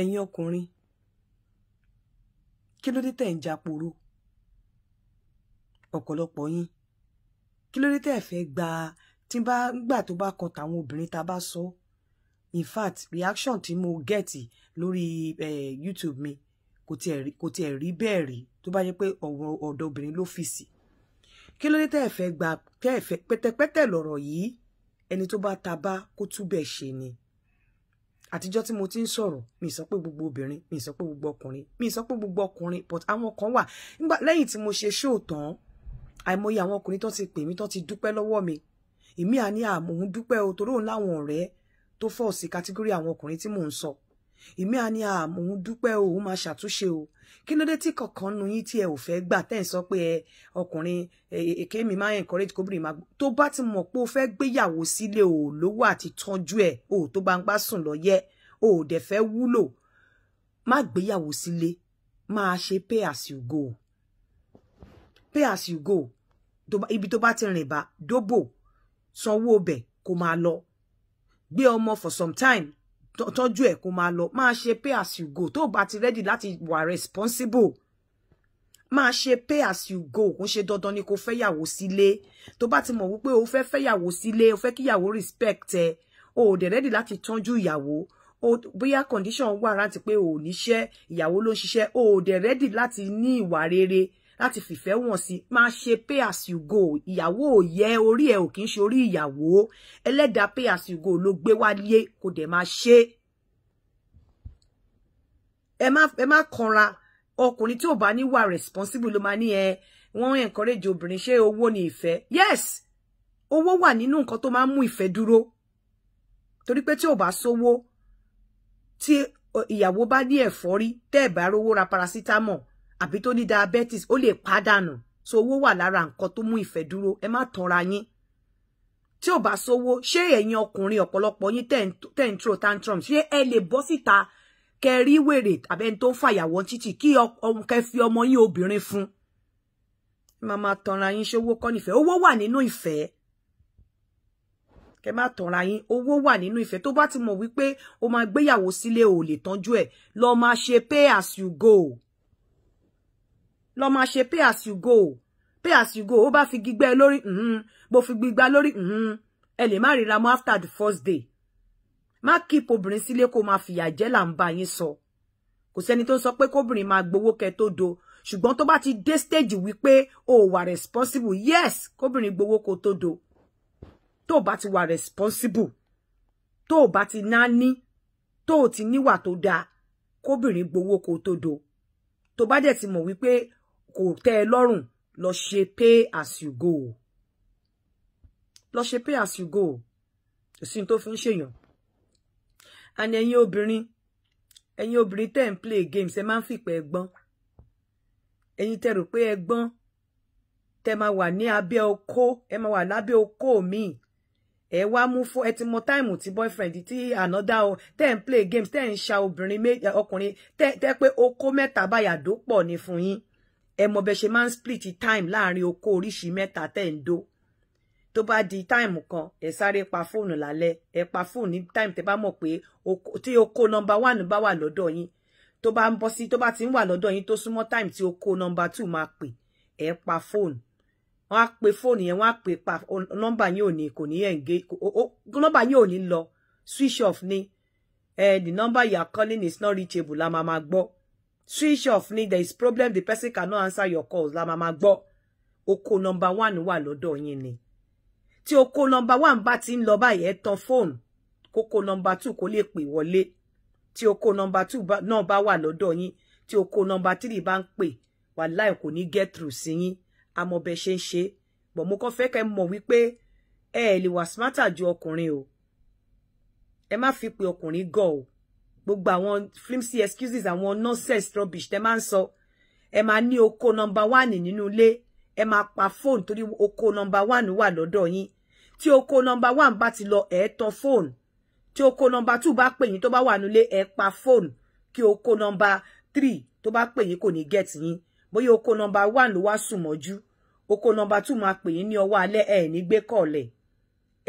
ẹ̀yin ọkùnrin kí ló dé tẹ̀ ń japoro ọ̀pọ̀lọpọ̀ yín kí ló dé tẹ̀ fẹ́ gba tí bá gbà tó bá kan tàwọn obìnrin tá a bá sọ in fact reaction tí mo gẹ̀tì lórí eh, YouTube mi kò tiẹ̀ rí bẹ́ẹ̀ rí tó bá yẹ pé ọ̀wọ́ ọ̀dọ̀ obìnrin ló fi sí kí ló dé tẹ́ ẹ fẹ́ gba tẹ́ ẹ fẹ́ lọ̀rọ̀ yìí ẹni tó bá ta bá kó túbẹ̀ ṣe ni àtijọ́ tí mo ti ń sọ̀rọ̀ mi sọ pé gbogbo obìnrin mi sọ pé gbogbo ọkùnrin mi sọ pé gbogbo ọkùnrin but àwọn kan wà nígbà lẹ́yìn tí mo ṣe ṣóò tán àìmọye àwọn ọkùnrin tó ti pè mí tó ti dúpẹ́ lọ́wọ́ mi èmi àní àmòhun dúpẹ́ o torí òun láwọn ọ̀rẹ́ tó fọ̀ sí kátígórì àwọn ọkùnrin tí mò ń sọ èmi àní àmòhun dúpẹ́ o òun máa ṣàtúnṣe o kí ló dé tí kọ̀ọ̀kan nu yín tí ẹ ò fẹ́ gbà tẹ́ ẹ̀ sọ pé ẹ ọkùnrin èké mi máa encourage kóbìnrin máa tó bá ti mọ̀ pé o fẹ́ gbéyàwó sílé o lówó àti tọ́jú ẹ̀ o tó bá ń gbá sùn lọ yẹ́ o ò dẹ̀ fẹ́ wúlò má gbéyàwó sílé máa ṣe pay as you go pay as you go ibi tó bá ti rìn bá dóbò sanwó ọbẹ̀ kó máa lọ gbé ọmọ for some time tọ́jú ẹ̀ kó máa lọ máa ṣe pay as you go tó o bá ti ready láti wà responsible máa ṣe pay as you go kò ṣe dandan ni kò fẹ́yàwó sílé tó bá ti mọ̀ wípé o fẹ́ fẹ́yàwó sílé o fẹ́ kíyàwó respect ẹ o ò dẹ̀ ready láti tọ́jú ìyàwó bóyá condition wà rántí pé ò níṣẹ́ ìyàwó ló ń ṣiṣẹ́ ò dẹ̀ ready láti ní ìwà rere láti fìfẹ́ wọ̀n sí máa ṣe pay as you go ìyàwó ò yẹ orí ẹ ò kì í ṣe orí ìyàwó ẹlẹ́dàá pay as you go ló gbé wálé kò dẹ̀ máa ṣe ẹ má ẹ má kanra ọkùnrin tí ò bá ní wà responsible ló máa ní ẹ wọ́n encourage obìnrin ṣé owó ni ìfẹ́ yes owó wà nínú nǹkan tó máa ń mú ìfẹ́ dúró torí pé tí ò bá sówó tí ìyàwó bá ní ẹ̀fọ́rí tẹ́ ẹ̀ bá rówó ra paracetamol àbí tó ní diabetes ó lè pàdánù so owó wà lára nǹkan tó mú ìfẹ́ dúró ẹ má tanra yín tí ò bá sówó ṣé ẹ̀yin ọkùnrin ọ̀pọ̀lọpọ̀ yín tẹ̀ ń throw tantrum ṣé ẹ lè bọ́ síta kẹ rí wèrè tàbí ẹni tó ń fàyàwọ́ títì kí kẹ fi ọmọ yín obìnrin fún máa ma tanra yín ṣé owó kọ́ nífẹ̀ẹ́ owó wà nínú ìfẹ́ kẹ má tọ̀ra yín owó wà nínú ìfẹ́ tó bá ti mọ̀ wípé o máa gbéyàwó sílé o lè tọ́jú ẹ̀ lọ máa ṣe pay as you go lọ máa ṣe pay as you go pay as you go ó bá fi gbígbẹ́ lórí bó fi gbígbá lórí ẹ lè má ríra mọ́ after the first day má kíp obìnrin sílé kó máa fìyà jẹ́ là ń bá yín sọ kò sẹ́ni tó ń sọ pé kóbìnrin máa gbowó kẹ tó do ṣùgbọ́n tó bá ti dé stage wípé o wà responsible yes kóbìnrin gbowó kó tó do tó bá ti wà responsible tó bá ti náání tó ti níwà tó dáa kóbìnrin gbowó kó tó do tó bá dẹ̀ ti mọ̀ wípé kò tẹ́ ẹ lọ́rùn lọ ṣe pay as you go lọ ṣe pay as you go òsín tó fi ń ṣèyàn àní ẹ̀yin obìnrin ẹ̀yin obìnrin tẹ́ ń play games ẹ máa ń fìpẹ́ ẹgbọ́n ẹ̀yin tẹ́ rò pé ẹgbọ́n tẹ́ máa wà ní abẹ́ okó ẹ máa wà lábẹ́ okó míì ẹ wá mú fún ẹ ti mọ táìmù tí boyfriend tí ànádá o tẹ́ ń play games tẹ́ ń ṣa obìnrin ọkùnrin tẹ́ pé okó mẹ́ta báyà dópọ̀ ni fún yín ẹ mọ bẹ ṣe máa ń split time láàrin okó oríṣi mẹ́ta tẹ́ ń dó tó bá di time kan ẹ sáré pa fóònù lálẹ́ ẹ pa fóònù ní time tẹ́ bá mọ̀ pé tí okó nọ́mbà wàn bá wà lọ́dọ̀ yín tó bá ń bọ́ sí tó bá ti ń wà lọ́dọ̀ yín tó súnmọ́ táìmù tí okó nọ́mbà two máa pè ẹ pa fóònù wọ́n á pe fóònù yẹn wọ́n á pe pa nọ́mbà yín ò ní kò ní ẹ̀ǹgé nọ́mbà yín ò ní lọ switch off ni eh, the number you calling is not reachable la máa ma gbọ́ switch off ni there is problem the person cannot answer your calls la máa ma gbọ́ oko nọ́mbà one wà lọ́dọ̀ yín ni tí oko nọ́mbà one bá ti ń lọ báyìí ẹ tan fóònù kókó nọ́mbà two kó lè pè wọlé tí oko nọ́mbà two náà bá wà lọ́dọ̀ yín tí oko nọ́mbà three bá ń pè wàláì kò ní get through sí yín àmọ́ bẹ́ẹ̀ ṣe ń ṣe bọ̀ mo kàn fẹ́ kẹ́ mọ̀ wípé ẹ ẹ̀ lè wà smarter ju ọkùnrin o ẹ má fi pe ọkùnrin gọ̀ o gbogbo àwọn flimsy excuses àwọn nonsense rubbish tẹ́ máa ń sọ ẹ máa ní oko number one nínú ilé ẹ máa pa fóònù torí oko number one wà lọ́dọ̀ yín tí oko number one bá ti lọ ẹ tán fóònù tí oko number two bá pè yín tó bá wà nílé ẹ pa fóònù kí oko number three tó bá pè yín kò ní gẹ̀tì yín bóyá oko nọmba one lo wa sùn mọ́jú oko nọmba two máa pè yín ní ọwọ́ le. E ní gbé kọ̀ọ̀lẹ̀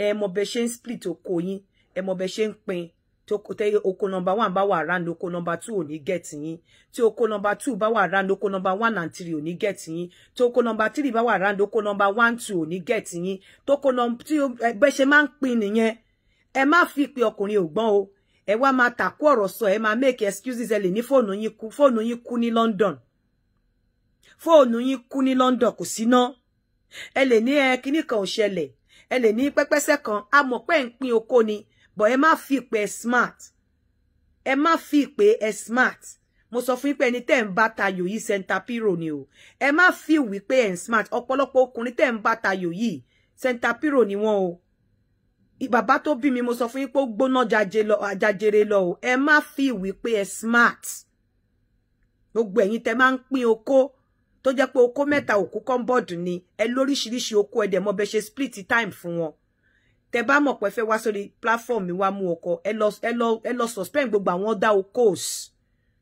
ẹ mọ bẹ ṣe split oko yín e mo bẹ ṣe ń pín oko nọmba one ba wa ránú oko nọmba two ò ní gẹ̀tì yín tí oko nọmba two ba wa ránú oko nọmba one and three ò ní gẹ̀tì yín oko nọmba three ba wa ránú oko nọmba one two ò ní gẹ̀tì yín tí oko nọmba tí ẹgbẹ́ ṣe máa ń pín nìyẹn ẹ má fi pe ọkùnrin ògbọ́n o ẹ wá máa tàkú ọ̀rọ̀ sọ ẹ máa make excuses ẹ lè ní fóònù yín kú fóònù yín kú ní London fóònù yín kú ní London kò síná ẹ lè ní ẹ kíní kan ò ṣẹlẹ̀ ẹ lè ní pẹ́pẹ́sẹ́ kan a ń pín oko ni but ẹ má fi pé ẹ smart ẹ má fi pé ẹ smart mo sọ fún yín pé ẹni tẹ́ ń bá tayò yìí centapiro ni o ẹ má fi wípé ẹ̀ ń smart ọ̀pọ̀lọpọ̀ ọkùnrin tẹ́ ń bá tayò yìí centapiro ni wọ́n o bàbá tó bí mi mo sọ fún yín pé ó gbóná jajere lọ o ẹ má fi wípé ẹ smart gbogbo ẹ̀yin tẹ́ máa ń pín oko tó jẹ́ pé okó mẹ́ta òkú kọ́ńbọ̀dù ni ẹ lóríṣiríṣi okó ẹ̀dẹ̀ mọ́ bẹ́ẹ̀ ṣe split time fún wọn tẹ bá mọ̀ pé fẹ́ wá sórí platform mi wá mú ọkọ ẹ lọ ẹ lọ ẹ lọ suspend gbogbo àwọn ọ̀dà okos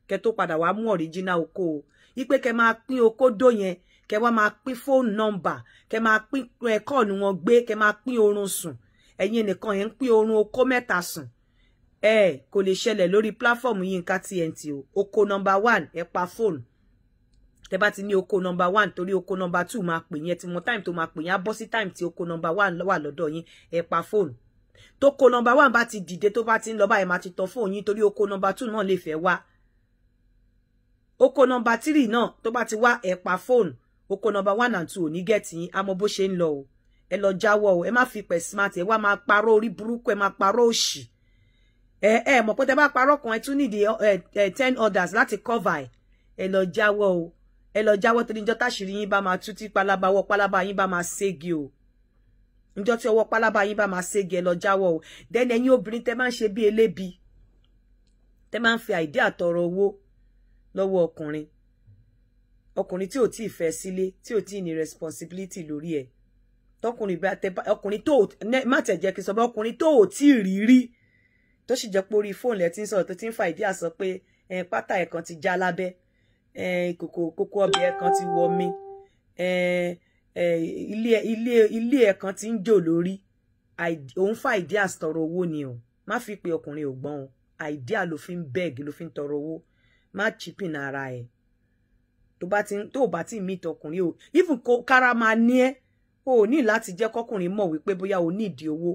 kẹ tó padà wá mú original okó o wípé kẹ máa pín okó dó yẹn kẹ wá máa phone number kẹ máa pín ẹkọ ni wọn gbé kẹ máa pín oorun sùn ẹ̀yin nìkan yẹn ń pín oorun okó mẹ́ta sùn ẹ kò lè ṣẹlẹ̀ lórí platform Yinka TNT o okó number one e pa phone tẹ́ bá ti ní oko number one torí oko number two máa pè yín ẹ ti mọ time to máa pè yín á bọ́ time tí oko number one wa lọ́dọ̀ yín ẹ pa fóònù tó ko number one bá ti dìde tó bá ti ń lọ báyìí máa ti tọ fóònù yín torí oko number two náà lè fẹ́ wá oko number three náà tó bá ti wá ẹ pa fóònù oko number one and two ni ní gẹ̀tì yín á mọ bó ṣe ń o ẹ lọ jáwọ́ o ẹ má fi pẹ̀ smart e wa ma parọ́ orí burúkú ẹ máa parọ́ òṣì ẹ ẹ mọ̀ pé tẹ́ bá parọ́ kan ẹ tún nídìí ten orders láti cover E ẹ lọ o ẹ lọ jáwọ́ torí níjọ́ táṣìírí yín bá máa tú tí pálábá ọwọ́ pálábá yín bá máa ségi o níjọ́ tí ọwọ́ pálábá yín bá máa ségi ẹ lọ jáwọ́ o dẹ́ni ẹ̀yin obìnrin tẹ́ máa ń ṣe bí elébi tẹ́ máa ń fi àìdí àtọrọ owó lọ́wọ́ ọkùnrin ọkùnrin tí ò tí ì fẹ́ sílé tí ò tí ì ní responsibility lórí ẹ̀ tọkùnrin bá tẹ ọkùnrin tó má tẹ̀ jẹ́ kí n sọ pé ọkùnrin tó ò tí ì rí rí tó sì jẹ́ pé orí fóònù ẹ̀ ti ń sọ̀rọ̀ tó ti ń fa kan ti já lábẹ́ Eh, kòkò kókó ọbẹ̀ kan ti wọ mi eh, eh, ilé ẹ̀ kan ti ń jò lórí òun fa ìdí àtọrọ owó ni o má fi pe ọkùnrin ò gbọ́n o àìdíà ló fi ń bẹ́ẹ̀gì ló fi ń tọrọ owó má chipin ara ẹ̀ tó bá ti tó bá ti mí tọkùnrin o even kára máa ní ẹ́ o ní láti jẹ́ kọ́kùnrin mọ̀ wípé bóyá o ní ìdí owó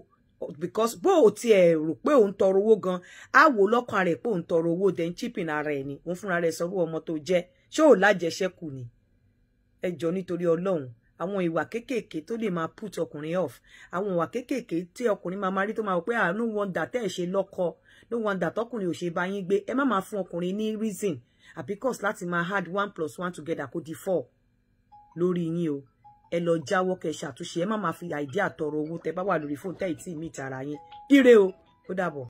because bó o tiẹ̀ rò pé òun tọrọ owó gan á wò lọ́kàn rẹ̀ pé òun tọrọ owó then chipping ara ẹ̀ ni òun fúnra rẹ̀ sọ ọmọ tó jẹ́ ṣé ò lájẹṣẹ́kù ni ẹ jọ nítorí ọlọ́run àwọn ìwà kéékèèké tó lè máa put ọkùnrin off àwọn ìwà kéékèèké tí ọkùnrin máa máa rí tó máa wọ I àánú wọn dà tẹ́ ẹ̀ ṣe lọ́kọ ló wọn dà tọkùnrin ò ṣe bá yín gbé ẹ má reason àbíkọ́sì láti máa add one plus one together kó di four lórí yín o ẹ lọ jáwọ́ kẹ́ ṣàtúnṣe ẹ má máa fi àìdí àtọrọ owó tẹ́ bá wà lórí fóònù tẹ́ ì tí ì mí ìtara yín ire o ó dàbọ̀.